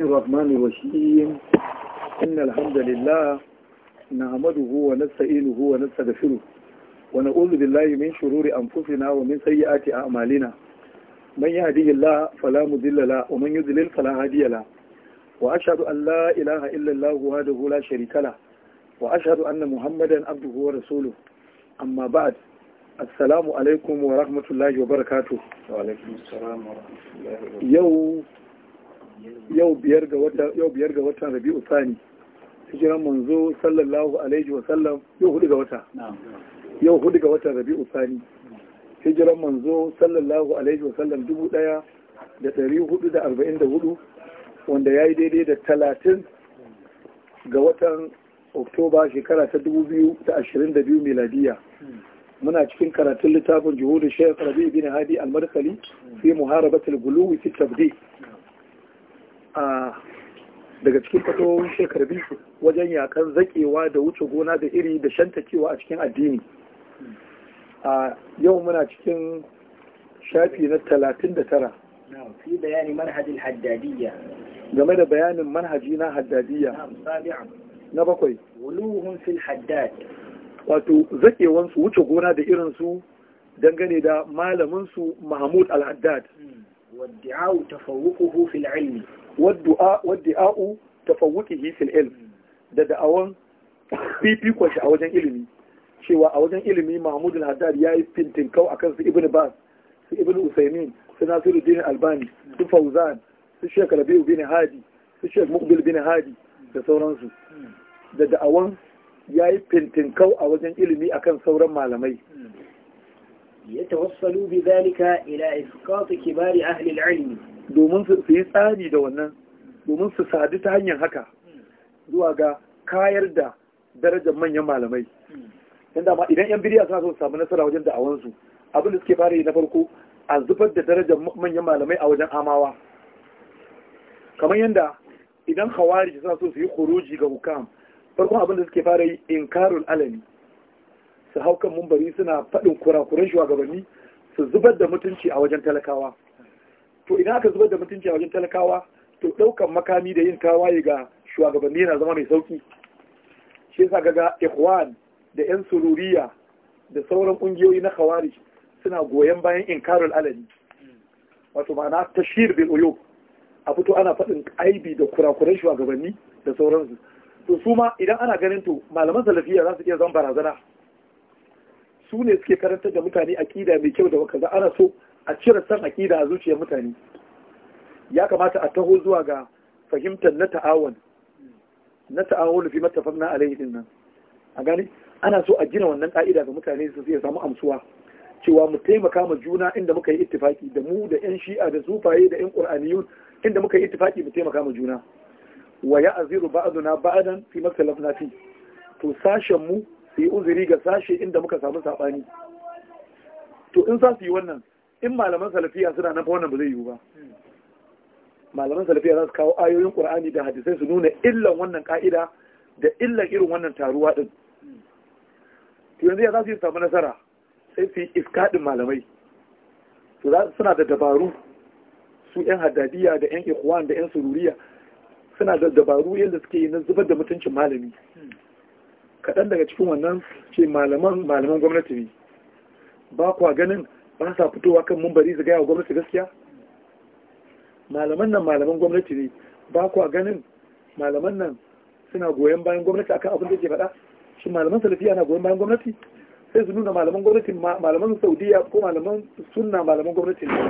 الرحمن الرحيم إن الحمد لله نعمده ونستعينه ونستغفره ونعوذ بالله من شرور أنفسنا ومن سيئات أعمالنا من يهديه الله فلا مضل له ومن يضلل فلا هادي له وأشهد أن لا إله إلا الله وحده لا شريك له وأشهد أن محمدا عبده ورسوله أما بعد السلام عليكم ورحمة الله وبركاته وعليكم السلام ورحمة الله وبركاته يوم yau biyar ga watan Rabi'u Sani hijiran manzo sallallahu alaihi wa sallam yau hudu ga wata yau hudu ga watan Rabi'u Sani hijiran manzo sallallahu alaihi wa sallam dubu daya da dari hudu da arba'in da hudu wanda ya yi daidai da talatin ga watan oktoba shekara ta dubu biyu da ashirin da biyu miladiya muna cikin karatun littafin jihudu shekar rabi bin hadi almarkali fi muharabatul guluwi fi tabdi daga cikin fatowar shekarbi wajen yakan zakewa da wuce gona da iri da cewa a cikin addini a yau muna cikin shafi na talatin da tara fi manhajin haddadiyya game da bayanin manhaji na haddadiyya na bakwai wuluhun fil haddad wato zakewansu wuce gona da irinsu dangane da malaminsu mahmud al-haddad hmm. wadda tafawuquhu fil ilmi wadda'a'u tafawukihi fil ilm da da'awan fifikon shi a wajen ilimi cewa a wajen ilimi mahmudul haddad ya yi fintinkau akan su ibn bas su ibn usaimin su nasiru dini albani su fauzan su shek rabiu bin hadi su shek mukbil bin hadi da sauransu da da'awan ya yi fintinkau a wajen ilimi akan sauran malamai يتوصلوا بذلك إلى إسقاط كبار أهل العلم domin su yi tsari da wannan domin su sadu ta hanyar haka zuwa ga kayar da darajar manyan malamai inda ma idan yan biriya suna so su samu nasara wajen da'awansu abin da suke fara yi na farko a zubar da darajar manyan malamai a wajen amawa kamar yadda idan hawari suna so su yi kuruji ga hukam farkon abinda suke fara yi in karul alami su hau kan mumbari suna faɗin kurakuran shugabanni su zubar da mutunci a wajen talakawa to idan aka zubar da mutunci a wajen talakawa to ɗaukan makami da yin tawaye ga shugabanni yana zama mai sauki shi yasa ga ikhwan da yan sururiya da sauran ƙungiyoyi na khawarij suna goyon bayan inkarul alani wato ma'ana tashir bil uyub a fito ana faɗin aibi da kurakuran shugabanni da sauransu to su ma idan ana ganin to malaman salafiya za su iya zama barazana su ne suke karantar da mutane aƙida mai kyau da kaza ana so a cire san aƙida a zuciyar mutane ya kamata a taho zuwa ga fahimtar na ta'awun na ta'awun fi matafan na alayhi nan a gani ana so a gina wannan ka'ida ga mutane su ya samu amsuwa cewa mu taimaka ma juna inda muka yi ittifaki da mu da yan shi'a da sufaye da yan qur'aniyun inda muka yi ittifaki mu taimaka ma juna wa ya'ziru ba'duna ba'dan fi maktalafna fi to sashen mu su yi uzuri ga sashe inda muka samu sabani to in za su yi wannan in malaman salafiya suna nan fa wannan ba zai yiwu ba malaman salafiya za su kawo ayoyin qur'ani da hadisai su nuna illan wannan ka'ida da illan irin wannan taruwa din to yanzu ya za su yi samu nasara sai su yi iskadin malamai su suna da dabaru su yan haddadiya da yan ikhwan da yan sururiya suna da dabaru yadda suke yi na zubar da mutuncin malami kaɗan daga cikin wannan ce malaman malaman gwamnati ne ba kwa ganin ba sa fitowa kan mumbari su gaya wa gwamnati gaskiya malaman nan malaman gwamnati ne ba ku a ganin malaman nan suna goyon bayan gwamnati akan abin da ke faɗa shi malaman salafiya na goyon bayan gwamnati sai su nuna malaman gwamnati malaman saudiya ko malaman sunna malaman gwamnati ne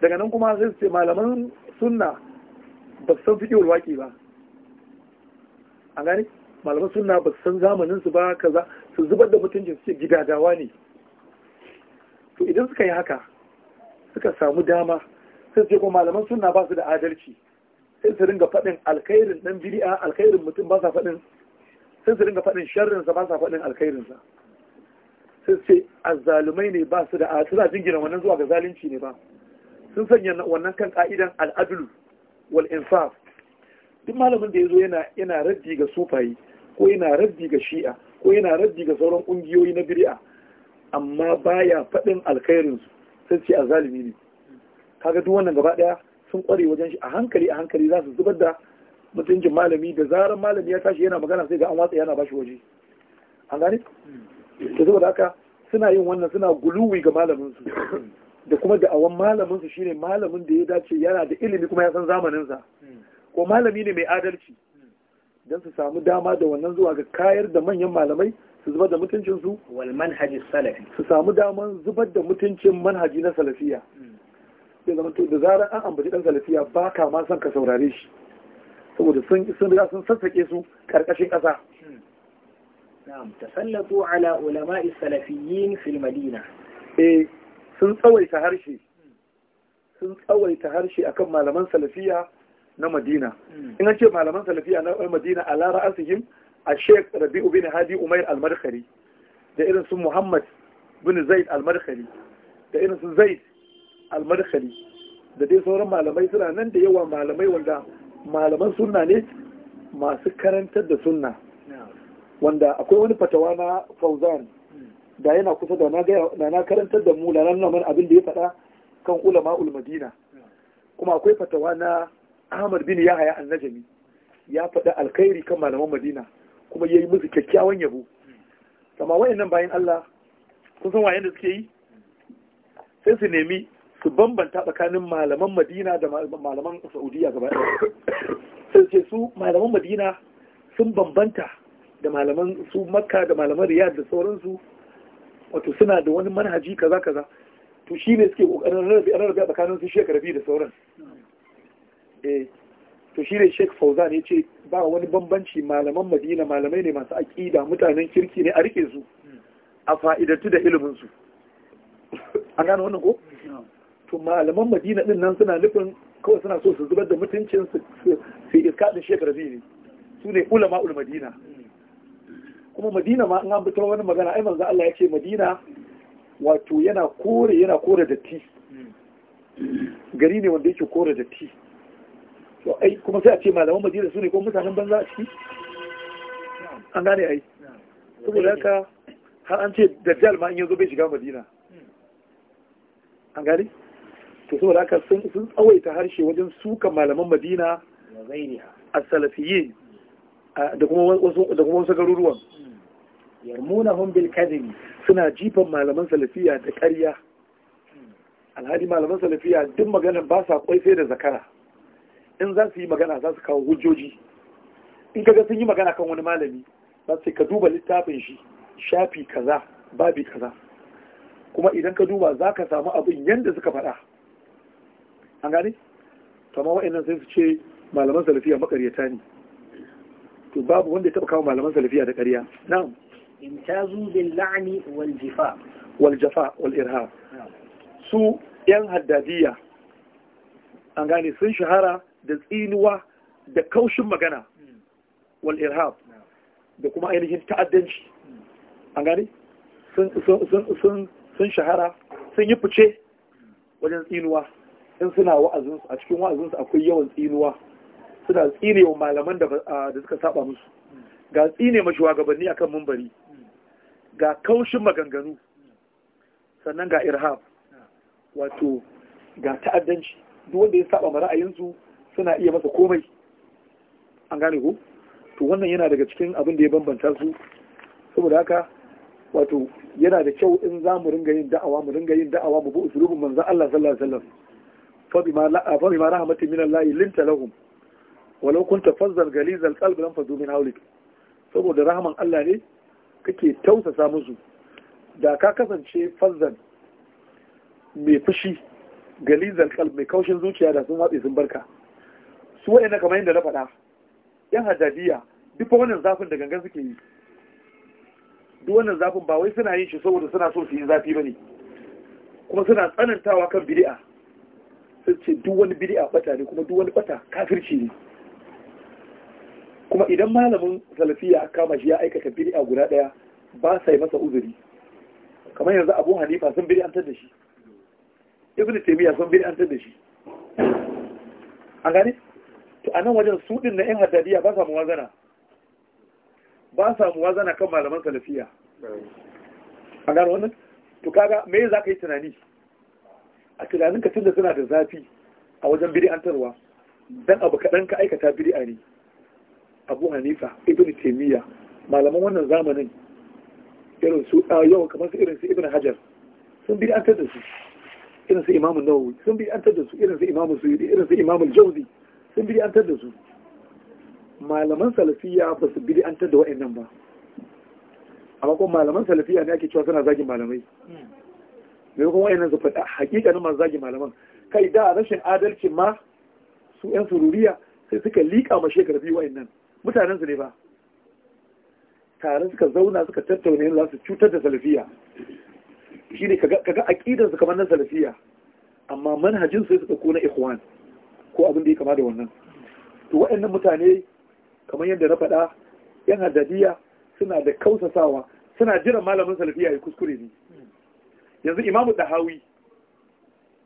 daga nan kuma sai su ce malaman sunna ba su san fiƙewar waƙi ba a gani malaman sunna ba su san zamanin su ba kaza su zubar da mutuncin su ce gidadawa ne to idan suka yi haka suka samu dama sai su kuma malaman suna ba su da adalci sai su ringa faɗin alkhairin ɗan bid'a alkhairin mutum ba sa faɗin sai su ringa faɗin sharrinsa, ba sa faɗin alkhairinsa. sai ce azzalumai ne ba su da a suna jingina wannan zuwa ga zalunci ne ba sun sanya wannan kan ka'idan al'adlu wal insaf duk malamin da yazo yana yana raddi ga sufayi ko yana raddi ga shi'a ko yana raddi ga sauran ƙungiyoyi na biri'a. amma baya faɗin alkhairinsu sun ce a zalimi ne kaga duk wannan gaba ɗaya sun ƙware wajen shi a hankali a hankali za su zubar da mutuncin malami da zarar malami ya tashi yana magana sai ga an watsa yana bashi waje an gane to saboda haka suna yin wannan suna guluwi ga malaminsu. da kuma da awan malaminsu shine malamin da ya dace yana da ilimi kuma ya san zamaninsa ko malami ne mai adalci Don su samu dama da wannan zuwa ga kayar da manyan malamai su zubar da mutuncin su wal manhajis salafi su samu daman zubar da mutuncin manhaji na salafiya ya zama to da zarar an ambaci dan salafiya ba ka ma son ka saurare shi saboda sun sun riga sun sassake su karkashin kasa. na'am tasallatu ala ulama'i salafiyyin fil madina eh sun tsawaita harshe sun tsawaita harshe akan malaman salafiya na madina hmm. in an ce malaman salafiya na madina ala ra'asihim a sheikh rabi'u bin hadi umair almarkari da irin su muhammad bin zaid almarkari da irin su zaid almarkari da dai sauran malamai suna nan da yawa malamai wanda malaman sunna ne masu karantar da sunna wanda akwai wani fatawa na fauzan da yana kusa da na karantar da mu da nan man abin da ya faɗa kan ulama ulmadina kuma akwai fatawa na ahmad bin yahaya al-Najami ya faɗa alkhairi kan malaman madina kuma ya yi musu kyakkyawan yabo kama nan bayan Allah kun san wayan da suke yi sai su nemi su bambanta tsakanin malaman Madina da malaman Saudiya gaba ɗaya sai ce su malaman Madina sun bambanta da malaman su Makka da malaman Riyadh da sauransu wato suna da wani manhaji kaza kaza to shi ne suke kokarin rarrabe a tsakanin su shekarabi biyu da sauran eh to shi ne Sheikh Fauzan ya ce ba wani bambanci malaman madina malamai ne masu aƙida mutanen kirki ne a rike su a fa'idatu da iliminsu A gano wannan ko to malaman madina din nan suna nufin kawai suna so su zubar da mutuncin su su iska din shekara ne su ne ulama ul madina kuma madina ma an fitar wani magana ai manzo Allah ya ce madina wato yana kore yana kore datti gari ne wanda yake kore datti to kuma sai a ce malaman madina su ne ko mutanen banza a ciki an gane ai saboda haka har an ce dajjal ma in yanzu bai shiga madina an gane to saboda haka sun tsawaita harshe wajen suka malaman madina a salafiye. da kuma wasu garuruwan Yarmuna bil kadhibi suna jifan malaman salafiya da ƙarya hmm. alhadi malaman salafiya duk maganar ba sa kwai sai da zakara in za su yi magana za su kawo hujjoji in kaga sun yi magana kan wani malami za su ka duba littafin shi shafi kaza babi kaza kuma idan ka duba za ka samu abin yadda suka faɗa an gane Kamar wa'annan sai su ce malaman salafiya makaryata ne to babu wanda ya taɓa kawo malaman salafiya da ƙarya na'am ta bil la'ani wal jifa wal jafa wal irhab su yan haddadiya an gane sun shahara da tsinuwa da kaushin magana wal irhab da kuma ainihin ta'addanci an gane sun shahara sun yi fice wajen tsinuwa in suna wa'azinsu a cikin wa'azinsu akwai yawan tsinuwa suna tsine wa malaman da suka saba musu ga tsine ma shugabanni akan mumbari ga kaushin maganganu sannan ga irhab wato ga ta'addanci duk wanda ya saba ma ra'ayinsu suna iya masa komai an gane ku to wannan yana daga cikin abin da ya bambanta su saboda haka wato yana da kyau in za mu ringa yin da'awa mu ringa yin da'awa mu bi usulubin manzo Allah sallallahu alaihi wasallam fa bima rahmatin min Allah linta lahum walau kunta fazzal galizal qalbi lam fadu min hawlik saboda rahaman Allah ne kake tausasa musu da ka kasance fazzan mai fushi galizal qalbi mai kaushin zuciya da sun watsi sun barka su da kamar yadda na faɗa yan hajjajiya duk wannan zafin da gangan suke yi duk wannan zafin ba wai suna yin shi saboda suna so su yi zafi ba ne kuma suna tsanantawa kan bidi'a sun ce duk wani bidi'a bata ne kuma duk wani bata kafirci ne kuma idan malamin salafiya aka kama shi ya aikata bidi'a guda daya ba sa yi masa uzuri kamar yanzu Abu Hanifa sun bid'antar da shi Ibn taymiya sun bid'antar da shi an gane to a nan wajen su ɗin na 'yan haddadiya ba sa muwazana ba sa muwazana kan malaman salafiya a gano wannan to kaga me za ka yi tunani a tunanin ka tunda suna da zafi a wajen bid'antarwa dan abu kaɗan ka aikata bid'a ne abu hanifa ibn taimiyya malaman wannan zamanin irin su yau kamar su irin su ibn hajar sun bid'antar da su irin su imamun nawawi sun bid'antar da su irin su imamun suyudi irin su imamun jauzi sun bid'antar da su malaman salafiya ba su bid'antar da wa'annan ba amma kuma malaman salafiya ne ake cewa suna zagin malamai me hmm. kuma wa'annan su faɗa hakikanin masu zagin malaman kai da rashin adalci ma su yan sururiya sai suka liƙa ma shekara biyu wa'annan mutanen su ne ba tare suka zauna suka tattauna yin za su cutar da salafiya Shi ne kaga akidansu kamar na salafiya amma manhajin su sai suka ikhwan ko abin da ya kama da wannan to waɗannan mutane kamar yadda na faɗa yan hadadiya suna da kausasawa suna jiran malamin salafiya ya kuskure ne yanzu imamu dahawi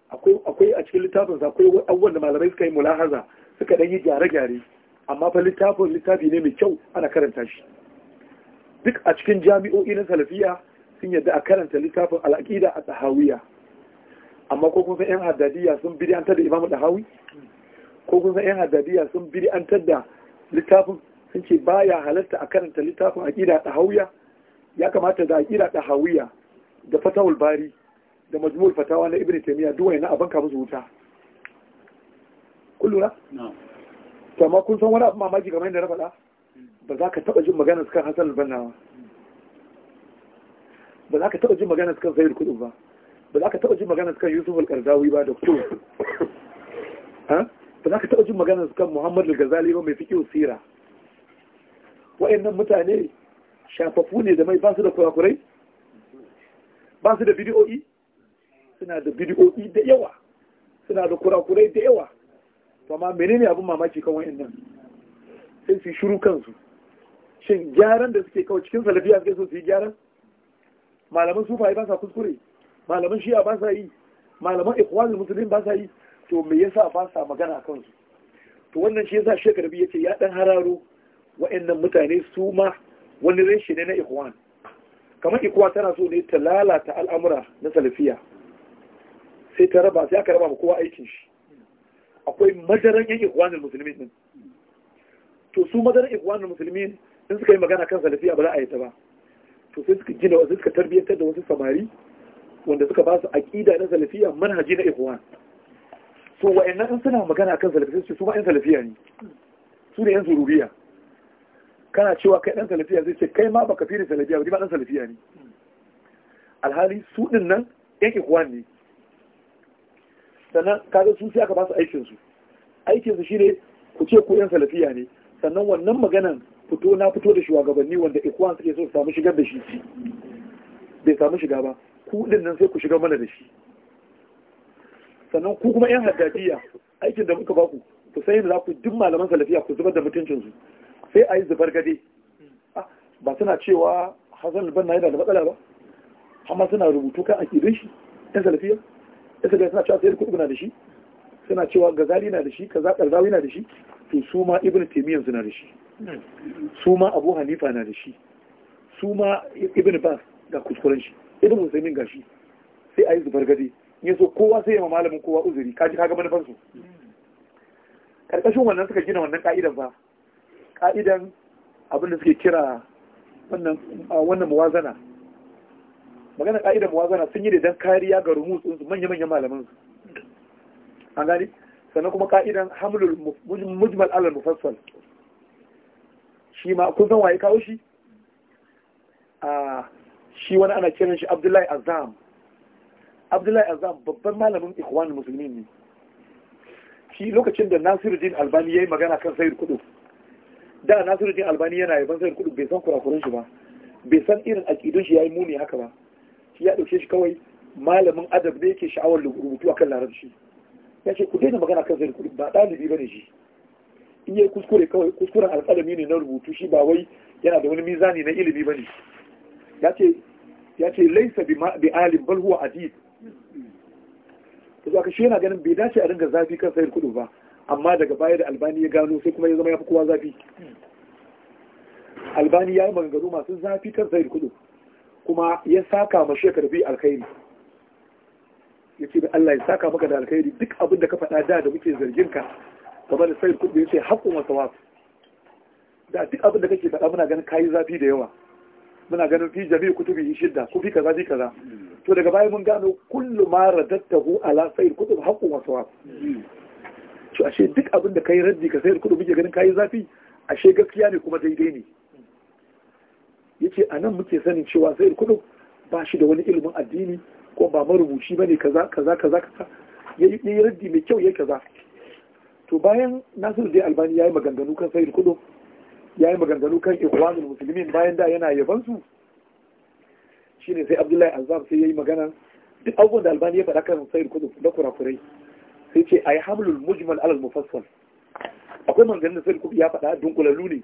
akwai akwai a cikin littafin sa akwai abubuwan da malamai suka yi mulahaza suka dan yi gyare-gyare amma fa littafin littafi ne mai kyau ana karanta shi duk a cikin jami'o'i na salafiya sun yadda a karanta littafin al'aqida a dahawiya amma ko kuma yan hadadiya sun bidantar da imamu dahawi ko kun san yan hadadiyya sun biri an tadda littafin sun ce baya halarta a karanta littafin aqida da hauya ya kamata da aqida da hauya da fatawul bari da majmul fatawa na ibn taymiya duwai na abin ka musu wuta kullura lura? to amma kun san wani abu mamaki kamar yadda na faɗa ba za ka taɓa jin magana kan Hassan albanna ba ba za ka taɓa jin magana kan zayir Kudu ba ba za ka taɓa jin magana kan Yusuf al-Qardawi ba da kudu ha ba ka taɓa jin magana su kan Muhammad al-Ghazali ba mai fiqh sira wa'annan mutane shafafu ne da mai ba su da kurakurai ba su da bidiyo'i suna da bidiyo'i da yawa suna da kurakurai da yawa to amma menene abin mamaki kan wa'annan sai su shiru kansu shin gyaran da suke kawo cikin salafiya suke so su yi gyaran malaman sufaye ba sa kuskure malaman shi'a ba sa yi malaman ikhwanul muslimin ba sa yi to me yasa ba sa magana a kansu to wannan shi yasa shekar biyu yace ya dan hararo wa'annan mutane su ma wani reshe ne na ikwan kamar ikwa tana so ne ta lalata al'amura na salafiya sai ta raba sai aka raba ma kowa aikin shi akwai madaran yan ikwanin musulmi din to su madaran ikwanin musulmi in suka yi magana kan salafiya ba za a yi ta ba to sai suka gina wasu suka tarbiyyantar da wasu samari wanda suka ba su aƙida na salafiya manhaji na ikwan to wa'annan in suna magana kan salafiya su su ma yan salafiya ne su ne yan rubiya kana cewa kai dan salafiya zai ce kai ma baka fi da salafiya ba ni ma dan salafiya ne alhali su din nan yan ikwan ne sannan kaga su sai aka ba su aikin su aikin su shine ku ce ku yan salafiya ne sannan wannan maganan fito na fito da shugabanni wanda ikwan suke so su samu shigar da shi bai samu shiga ba ku din nan sai ku shiga mana da shi sannan ku kuma yan haddadiya aikin da muka baku ku sai za ku duk malaman salafiya ku zubar da mutuncinsu sai a yi zubar gade ah, ba suna cewa hazan na yana da matsala ba amma suna rubutu kan akidun shi yan salafiya yan salafiya suna cewa sayar kuɗi na da shi suna cewa gazali na da shi kaza ƙarzawi na da shi to su ma ibn taymiyyah suna da shi su ma abu hanifa na da shi su ma ibn bas ga kuskuren shi ibn usaimin ga shi sai a yi zubar gade Yanzu kowa sai yi malamin kowa uzuri kaji kaga manufar su karkashin wannan suka gina wannan ka'idan ba ka'idan abin da suke kira wannan wannan muwazana magana ka'idan muwazana sun yi da dan kariya ga rumusun su manya manyan malaman su an gani sannan kuma ka'idan hamlul mujmal alal mufassal shi ma kun san waye kawo shi a shi wani ana kiran shi Abdullahi Azam abdullahi azam babban malamin ikhwanul musulmin ne shi lokacin da nasiruddin albani ya yi magana kan sayar kudu da nasiruddin albani yana yaban sayar kudu bai san kurakuran shi ba bai san irin aqidun shi ya yi muni haka ba shi ya dauke shi kawai malamin adab ne yake sha'awar rubutu akan larabci ya ce ku daina magana kan sayar kudu ba dalibi ne shi in yayi kuskure kawai kuskuren alƙalami ne na rubutu shi ba wai yana da wani mizani na ilimi ne ya ce ya ce laisa bi alim bal huwa adib to aka shi yana ganin bai dace a ringa zafi kan sayar kudu ba amma daga baya da albani ya gano sai kuma ya zama ya fi kowa zafi albani ya yi maganganu masu zafi kan sayar kudu kuma ya saka ma shekar bi alkhairi ya ce Allah ya saka maka da alkhairi duk abin da ka faɗa da da muke zargin ka game da sayar kudu ya ce haƙƙun masa wasu da duk abin da kake faɗa muna ganin kayi zafi da yawa muna ganin fi jami'u kutubi shidda ko fi kaza fi kaza to daga baya mun gano kullu ma radattahu ala sayr kutub haqqun wa sawab to ashe duk abin da kai raddi ka sayr kutub muke ganin kai zafi ashe gaskiya ne kuma daidai ne yace anan muke sanin cewa sayr kutub ba shi da wani ilimin addini ko ba marubuci bane kaza kaza kaza kaza yayi raddi mai kyau yayi kaza to bayan Nasiru dai Albani yayi maganganu kan sayr kutub yayi maganganu kan ikhwanul muslimin bayan da yana yabansu su shine sai abdullahi azam sai yayi magana duk abubuwan da albani ya faɗa kan sayar kudu na kurakurai sai ce a yi hamlul mujmal alal mufassal akwai manganin da sayar kudu ya faɗa dunkulalu ne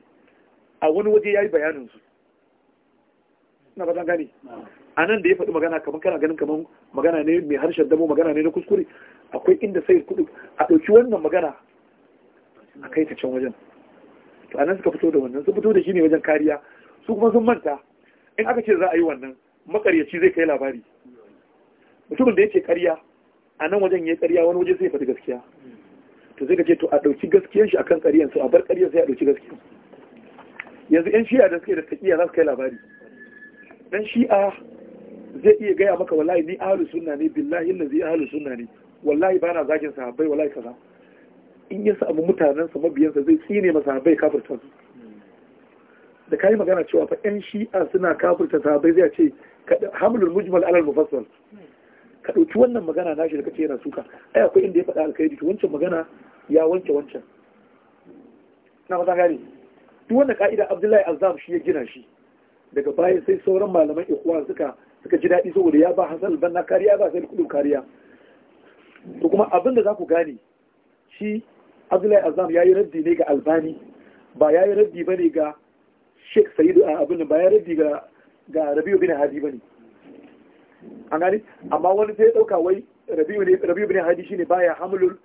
a wani waje ya yi bayanin su na ba gane a nan da ya faɗi magana kamar kana ganin kamar magana ne mai harshen damo magana ne na kuskure akwai inda sayar kudu a ɗauki wannan magana a kai ta can wajen to a nan suka fito da wannan sun fito da shi ne wajen kariya su kuma sun manta in aka ce za a yi wannan makaryaci zai kai labari mutumin da yake karya a nan wajen ya karya wani waje zai faɗi gaskiya to zai gaje to a ɗauki gaskiyar shi akan ƙaryan su a bar ƙaryan sai a ɗauki gaskiya yanzu yan shi'a da suke da taƙiya za su kai labari dan shi'a zai iya gaya maka wallahi ni ahlu sunna ne billahi allazi ahlu sunna ne wallahi bana zagin sahabbai wallahi kaza in ya samu mutanen sa mabiyansa zai tsine masa sahabbai kafirta su da kai magana cewa fa ɗan shi'a suna kafirta sahabbai zai ce hamlul mujmal alal mufassal ka dauki wannan magana nashi da kace yana suka ai akwai inda ya faɗa alkhairi to wancan magana ya wanke wancan na fata gane duk wanda ka'ida Abdullahi Azam shi ya gina shi daga baya sai sauran malaman ikhwan suka suka ji daɗi saboda ya ba hasal banna kariya ba sai kudu kariya to kuma abin da za ku gane shi Abdullahi ya yayi raddi ne ga Albani ba yayi raddi bane ga Sheikh Sayyid abin ba yayi raddi ga ga rabi'u bin hadi bane an gani amma wani sai ya dauka wai rabi'u bin hadi shine baya hamlul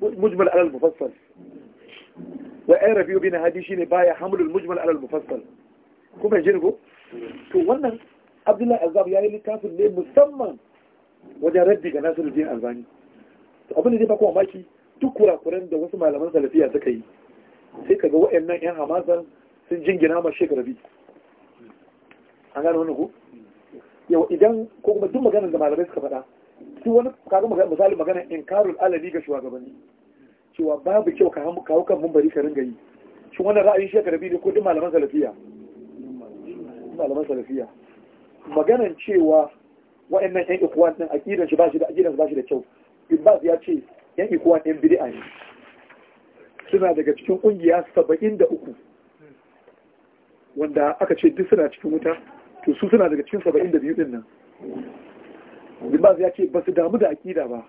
mujmal alal mufassal wa ai rabi'u bin hadi shine baya hamlul mujmal alal mufassal kuma jin ko to wannan abdullahi azab yayi littafin ne musamman wajen raddi ga nasiruddin albani to abin da zai fako maki duk kurakuren da wasu malaman salafiya suka yi sai kaga waɗannan yan hamasan sun jingina ma shekarabi an gane wani ku yau idan ko kuma duk maganar da malamai suka faɗa su wani kaga misali magana inkarul alali ga shugabanni cewa babu kyau ka kawo kan mumbari ka ringa yi shi wannan ra'ayin shi rabi ne ko duk malaman salafiya malaman salafiya maganan cewa wa'annan yan ikuwa din aqidan shi ba shi da aqidan ba shi da kyau ba ya ce yan ikuwan din bid'a ne suna daga cikin kungiya 73 wanda aka ce duk suna cikin wuta to su suna daga cikin saba'in da biyu din nan limbaz ya ce ba su damu da aƙida ba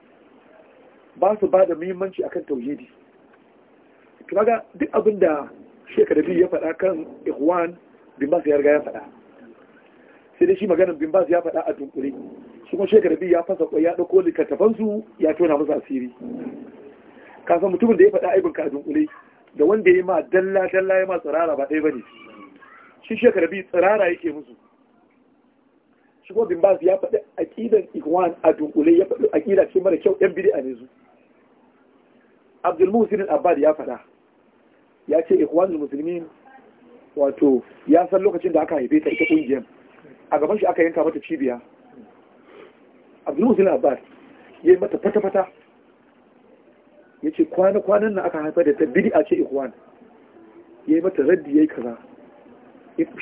ba su ba da muhimmanci akan tauhidi kaga duk abin da shekara biyu ya faɗa kan ikhwan bimbas ya riga ya faɗa sai dai shi maganin bimbas ya faɗa a dunkule shi kuma shekara biyu ya fasa kwai ya ɗauko su ya tona musu asiri kasan mutumin da ya faɗa aibinka a dunkule da wanda ya ma dalla dalla ya ma tsirara ba ɗaya ba ne shi shekara biyu tsirara yake musu shigo bin baz ya faɗi ƙidan ikwan a dunkule ya faɗi aqida ce mara kyau yan bid'a ne su abdul muhsin ya faɗa ya ce ikwanul musulmi wato ya san lokacin da aka haife ta ita ƙungiyar a gaban shi aka yanka mata cibiya abdul muhsin ya yi mata fata-fata ya ce kwana-kwanan na aka haifar da ta a ce ikwan ya yi mata raddi ya yi kaza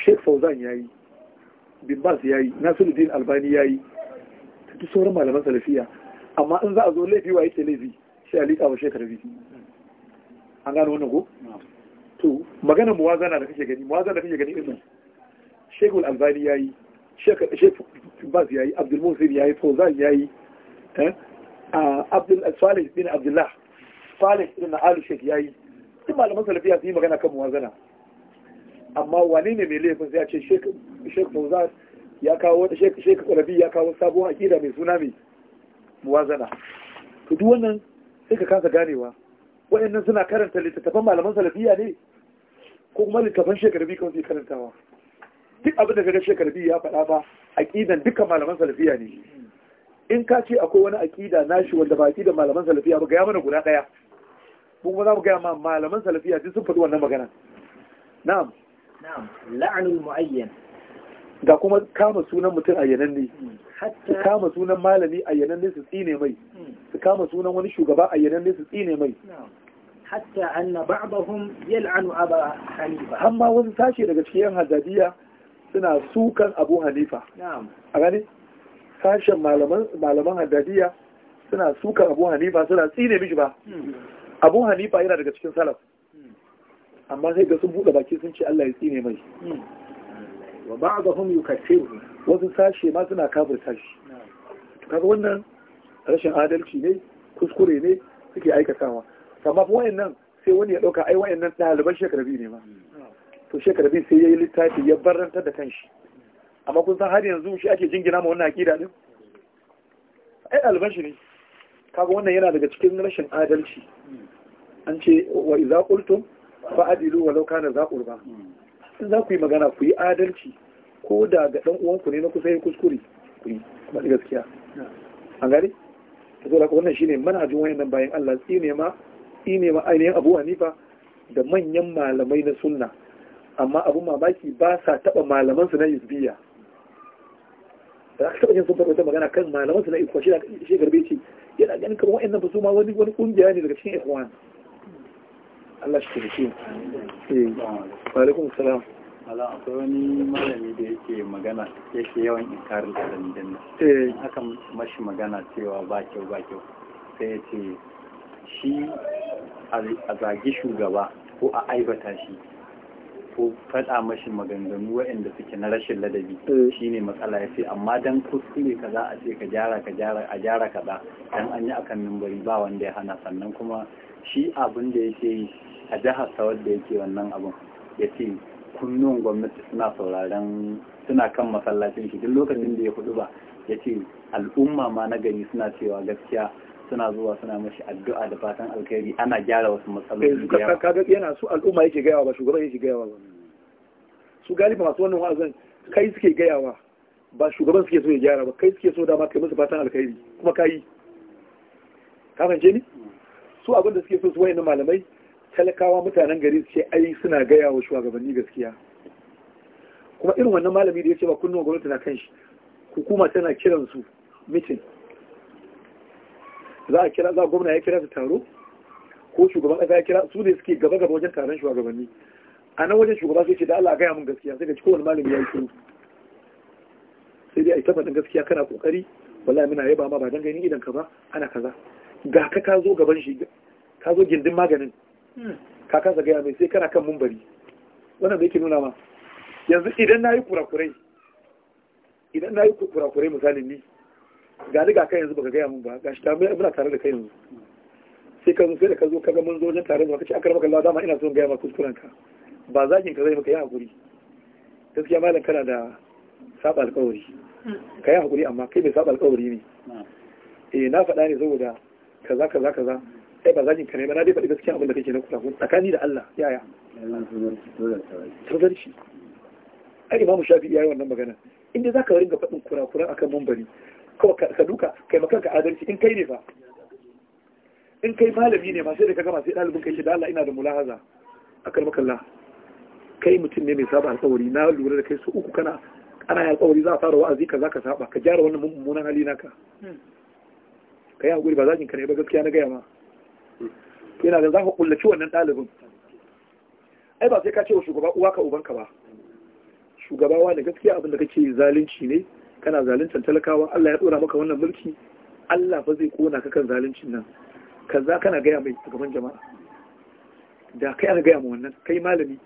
sheikh fauzan ya yi bin bas ya yi nasiruddin albani ya yi duk sauran malaman salafiya amma in za a zo laifi wa yake laifi shi a liƙa wa shekar bi an gano wannan ko to magana muwazana da kake gani muwazana da kake gani din shekul albani ya yi shekul bas ya yi abdul musir ya yi fauzan ya yi eh, abdul salih bin abdullah salih bin alu shek ya yi duk malaman salafiya su yi magana kan muwazana amma wani ne mai laifin sai a ce shek fauzan ya kawo shek rabi ya kawo sabuwar akida mai suna mai muwazana to duk wannan sai ka kasa ganewa waɗannan suna karanta littattafan malaman salafiya ne ko kuma littattafan shekarbi kan su karantawa duk abin da kaga shekarbi ya faɗa ba akidan dukkan malaman salafiya ne in ka ce akwai wani akida nashi wanda ba akidan malaman salafiya ba ga ya mana guda ɗaya mun kuma za mu ga ma malaman salafiya duk sun faɗi wannan magana na'am la'anul mu'ayyan kuma kama sunan mutum ayyanan ne hmm, su kama sunan malami ayyanan ne su tsine mai hmm. su kama sunan wani shugaba ayyanan ne su tsine mai hatta anna ba'dahum yal'anu aba hanifa amma wani sashe daga cikin hajjabiya suna sukan abu hanifa a gani sashen malaman hajjabiya suna sukan abu hanifa suna tsine mishi ba hmm. abu hanifa yana daga cikin salaf amma sai ga sun buɗe baki sun ce Allah ya tsine mai wa ba'dhum yukaffiru wasu sashe ma suna kafirta shi to kaga wannan rashin adalci ne kuskure ne suke aikatawa amma fa wayannan sai wani ya dauka ai wayannan ɗaliban biyu ne ma to biyu sai yayi littafi ya barantar da kanshi amma kun san har yanzu shi ake jingina ma wannan aqida din ai ɗaliban shi ne kaga wannan yana daga cikin rashin adalci an ce wa iza qultum fa adilu walau kana za urba in za ku yi magana ku yi adalci ko da ga dan uwanku ne na kusa yin kuskure ku yi kuma gaskiya an gari ta zo da wannan shine manhajin wayannan bayan Allah tsine ma tsine ma ainihin Abu Hanifa da manyan malamai na sunna amma abun mamaki ba sa taba malaman su na yuzbiya da aka taba yin sun farko magana kan malaman su na ikwa shi da shi garbe ce yana ganin kamar wayannan ba su ma wani wani kungiya ne daga cikin ikhwan Allah shi kirki eh salam wani malami da yake magana yake yawan inkarin kalan janna eh. aka mashi magana cewa ba kyau ba kyau sai ya ce shi a zagi shugaba ko a aibata shi ko faɗa mashi maganganu waɗanda suke na rashin ladabi eh. ne matsala ya ce amma dan kuskure kaza a ce ka gyara ka gyara a gyara kaza don an yi akan mimbari ba wanda ya hana sannan kuma shi abin da yake yi a jihar sa wadda yake wannan abun ya ce kunnun gwamnati suna sauraren suna kan masallacin shi duk lokacin da ya kudu ba ya ce al'umma ma na gari suna cewa gaskiya suna zuwa suna mashi addu'a da fatan alkhairi ana gyara wasu matsaloli da eh, yawa kaga yana su al'umma yake gayawa ba shugaban yake gayawa ba su galiba masu wannan wa'azin kai suke gayawa ba shugaban suke so ya gyara ba kai suke so dama kai musu fatan alkhairi kuma kai ka fahimce ni mm. su abin da suke so su wayannan malamai talakawa mutanen gari suke ai suna gaya wa shugabanni gaskiya kuma irin wannan malami da ya ce ba kunnuwa gwamnati na kan shi hukuma tana kiran su mitin za a kira za gwamna ya kira su taro ko shugaban kasa ya kira su ne suke gaba gaba wajen taron shugabanni a nan wajen shugaba sai ce da Allah a gaya mun gaskiya sai ga ci kowane malami ya yi shiru sai dai a yi tabbatin gaskiya kana kokari wallahi muna yaba ma ba dan ganin idan ka ba ana kaza ga ka ka zo gaban shi ka zo gindin maganin kakan kasa gaya mai sai kana kan mumbari wannan da yake nuna ma yanzu idan na yi kurakurai idan na yi kurakurai misali ni ga riga kai yanzu baka gaya mun ba gashi da muna tare da kai yanzu sai ka zo sai da ka zo kaga mun zo wajen tare da kace akar maka Allah dama ina son gaya maka kuskuren ka ba zakin ka zai maka yi hakuri gaskiya malam kana da saba alƙawari ka yi hakuri amma kai bai saba alƙawari ne eh na faɗa ne saboda kaza kaza kaza kai ba zagin ka ne ba na dai faɗi gaskiya abin da kake na kurakun tsakani da Allah yaya tazarci ai imamu shafi iyayen wannan magana inda zaka ringa faɗin a kan mambari kawai ka duka kai maka ka adalci in kai ne fa in kai malami ne masu sai da ka gama sai ɗalibin kai shi da Allah ina da mulahaza kan makalla kai mutum ne mai saba alƙawari na lura da kai su uku kana ana yi alƙawari za a fara wa'azi ka za ka saba ka gyara wannan mummunan hali naka hmm. ka yi haƙuri ba zakin ka ne ba gaskiya na gaya ma yana da za ka kullaci wannan ɗalibin ai ba sai ka ce wa shugaba uwa ka ubanka ba shugaba da gaskiya abin da kake zalunci ne kana zaluntar talakawa Allah ya dora maka wannan mulki Allah fa zai kona ka kan zaluncin nan kaza kana gaya mai a gaban jama'a da kai ana gaya ma wannan kai malami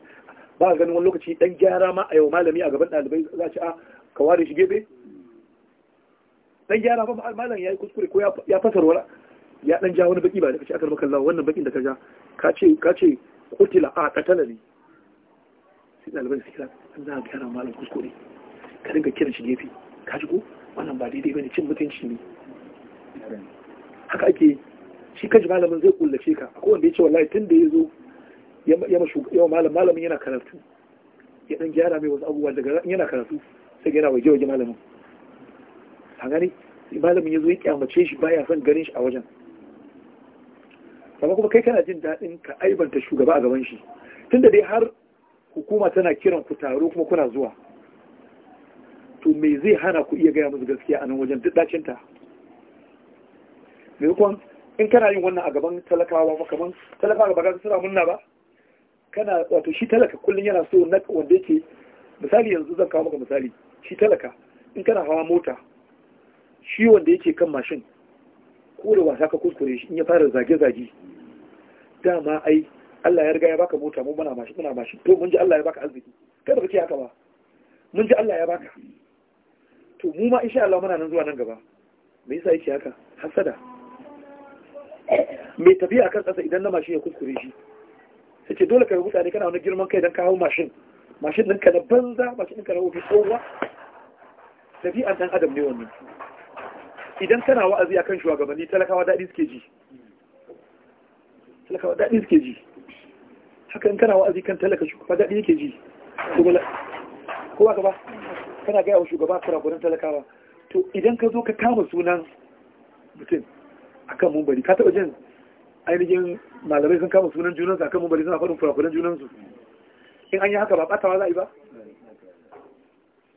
ba a ganin wani lokaci dan gyara ma a yau malami a gaban ɗalibai za a ci a ka ware shi gebe dan gyara ba malam ya yi kuskure ko ya fasar wala ya dan ja wani baki ba da kace aka maka Allah wannan bakin da ka ja ka ce ka ce kutila a katana ne sai dalibai su kira an za ka kira malam kuskure ka dinga kiran shi gefe ka ji ko wannan ba daidai bane cin mutunci ne haka ake shi kaji malamin zai kullace ka akwai wanda ya ce wallahi tun da ya zo yawa malam malamin yana karatu ya dan gyara mai wasu abubuwa daga yana karatu sai yana waje waje malamin a gani malamin ya zo ya kyamace shi baya son ganin shi a wajen amma kuma kai kana jin daɗin ka aibanta shugaba a gaban shi tunda dai har hukuma tana kiran ku taro kuma kuna zuwa to me zai hana ku iya gaya musu gaskiya a nan wajen duk dacin ta kuma in kana yin wannan a gaban talakawa ba kaman talakawa ba ka suna munna ba kana wato shi talaka kullum yana so na wanda yake misali yanzu zan kawo maka misali shi talaka in kana hawa mota shi wanda yake kan mashin ko da wasa ka kuskure shi in ya fara zage-zage dama ai Allah ya riga ya baka mota mu muna mashi muna mashi to mun ji Allah ya baka arziki kai baka ce haka ba mun ji Allah ya baka to mu ma insha Allah muna nan zuwa nan gaba me yasa yake haka hasada me tafiya kan kasa idan na mashin ya kuskure shi sai ce dole ka rubuta mutane kana wani girman kai dan ka hawo mashin mashin ɗinka na banza mashin ɗinka na wofi tsohuwa tafiya ɗan adam ne wannan idan kana wa'azi akan shugabanni talakawa daɗi suke ji talakawa daɗi suke ji hakan kana wa'azi kan talaka shugaba daɗi yake ji ko ba ka ba kana gaya wa shugaba kura kurakuran talakawa to idan ka zo ka kama sunan mutum a kan mumbari ka taɓa jin ainihin malamai sun kama sunan junansu a kan mumbari suna faɗin kura kurakuran junansu in an yi haka ba ɓatawa za a yi ba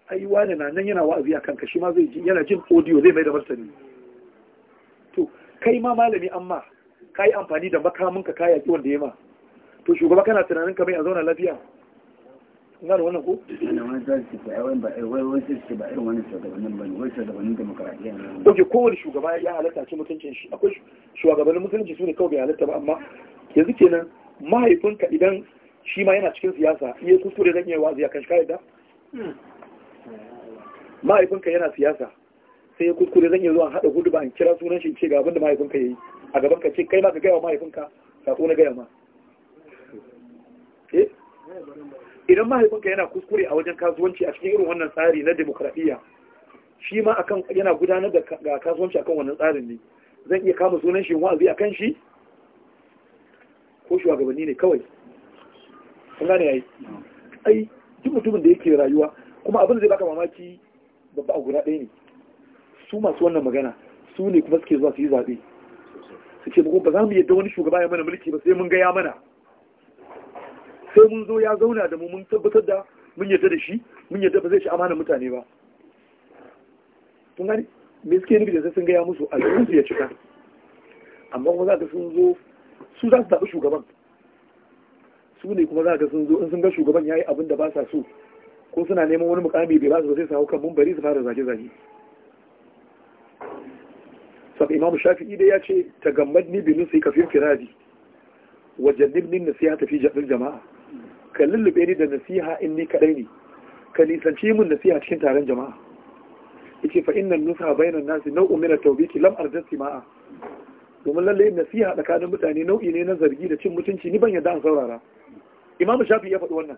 ai wani na nan yana wa'azi a kanka shi ma zai ji yana jin audio zai mai da martani to kai ma malami amma ka yi amfani da makaminka ka yaƙi wanda ya ma to shugaba kana tunanin ka mai a zauna lafiya na da wannan ko? ok kowane shugaba ya halatta ce mutuncin shi akwai shugabannin musulunci su ne kawai bai halatta ba amma yanzu kenan mahaifinka idan shi ma yana cikin siyasa iya kuskure zan iya wazi a kan shayar da mahaifinka yana siyasa sai ya kuskure zan iya zuwa haɗa hudu ba in kira sunan shi ce ga abin da mahaifinka ya yi a gaban ka ce kai ma ka gaya wa mahaifinka sako na gaya ma eh? idan mahaifinka yana kuskure a wajen kasuwanci a cikin irin wannan tsari na demokradiyya shi ma akan yana gudanar da kasuwanci akan wannan tsarin ne zan iya kama sunan shi wa'azi akan shi ko shugabanni ne kawai kun gane yayi ai duk mutumin da yake rayuwa kuma abin da zai baka mamaki babba a guda ɗaya ne su masu wannan magana su ne kuma suke zuwa su yi zaɓe suke mu ba za mu yadda wani shugaba ya mana mulki ba sai mun gaya mana sai mun zo ya zauna da mu mun tabbatar da mun yadda da shi mun yadda ba zai shi amana mutane ba kun gani me suke nufi da sai sun gaya musu su ya cika amma kuma za ka sun zo su za su zaɓi shugaban su ne kuma za ka sun zo in sun ga shugaban ya yi abin da ba sa so ko suna neman wani mukami bai ba su ba sai su hau kan mun bari su fara zage-zage saka imamu shafi'i da ya ce tagammadni bi nusi ka kafin firadi Wajen jannibni nasiha ta fi jama'a ka lullube ni da nasiha in ni kadai ne ka nisanci min nasiha cikin taron jama'a yace fa inna nusa bayna nasi nau'u min at-tawbiki lam arjasi sima'a domin lalle nasiha tsakanin mutane nau'i ne na zargi da cin mutunci ni ban yadda an saurara imam shafi ya faɗi wannan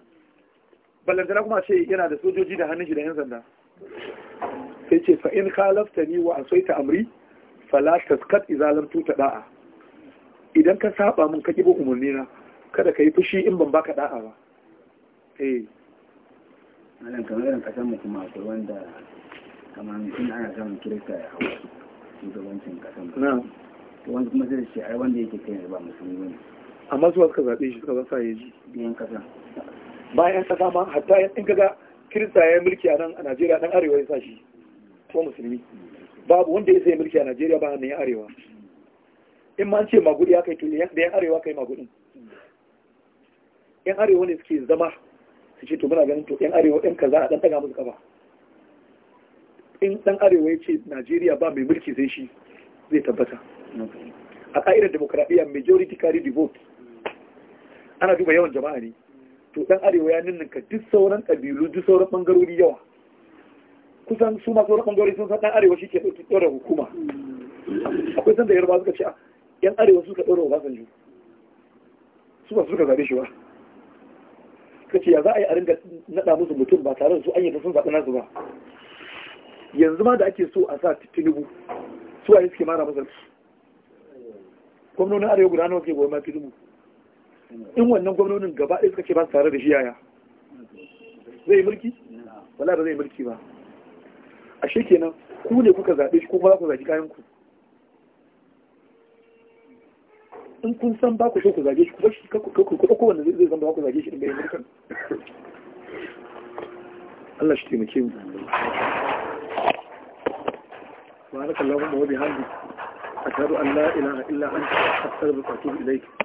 ballantana kuma ce yana da sojoji da hannun shi da yan sanda sai ce fa in khalafta ni wa asaita amri fala taskat izalam tuta da'a idan ka saba mun ka kibo umarni na kada ka yi fushi in ban baka da'a ba eh malam kamar irin kasan mu kuma akwai wanda kamar mutum ana samun kirista ya hawa shugabancin kasan na to wanda kuma zai ce ai wanda yake kai ba musulmi bane amma zuwa suka zaɓe shi suka ba sa yaji biyan kasa bayan kasa ma hatta in kaga kirista ya mulki a nan a Najeriya dan arewa ya sa shi ko musulmi babu wanda ya sai mulki a Najeriya ba hannun yan arewa in ma an ce magudi ya kai tuni da yan arewa kai magudin yan arewa ne suke zama su ce to muna ganin to yan arewa ɗan kaza a ɗan ɗaga musu kafa in ɗan arewa ya ce Najeriya ba mai mulki zai shi zai tabbata a ƙa'idar demokradiyya majority carry the vote ana duba yawan jama'a ne to ɗan arewa ya ninninka duk sauran ƙabilu duk sauran ɓangarori yawa kusan su masu wani ɓangare sun san ɗan arewa shi ke ɗora hukuma akwai sanda 'yar ba suka ce ah, yan arewa suka ɗora obasanjo su ba suka zaɓe shi ba suka ce ya za a yi a ringa naɗa musu mutum ba tare da su an yi sun zaɓi nasu ba yanzu ma da ake so a sa tinubu su waye suke mara masa gwamnonin arewa guda nawa ke goyon ma tinubu in wannan gwamnonin gaba ɗaya suka ce ba su tare da shi yaya zai mulki wala ba zai mulki ba ashe kenan ku ne kuka zaɓe shi ko ba ku zaɓi kayan ku in kun san ba ku so ku zaɓe shi ku bashi ku ɗauko wanda zai zama ba ku zaɓe shi ɗin bayan mulkan Allah shi taimake mu wa hannaka Allahumma wa bihamdi ashhadu an la ilaha illa anta astaghfiruka wa atubu ilayk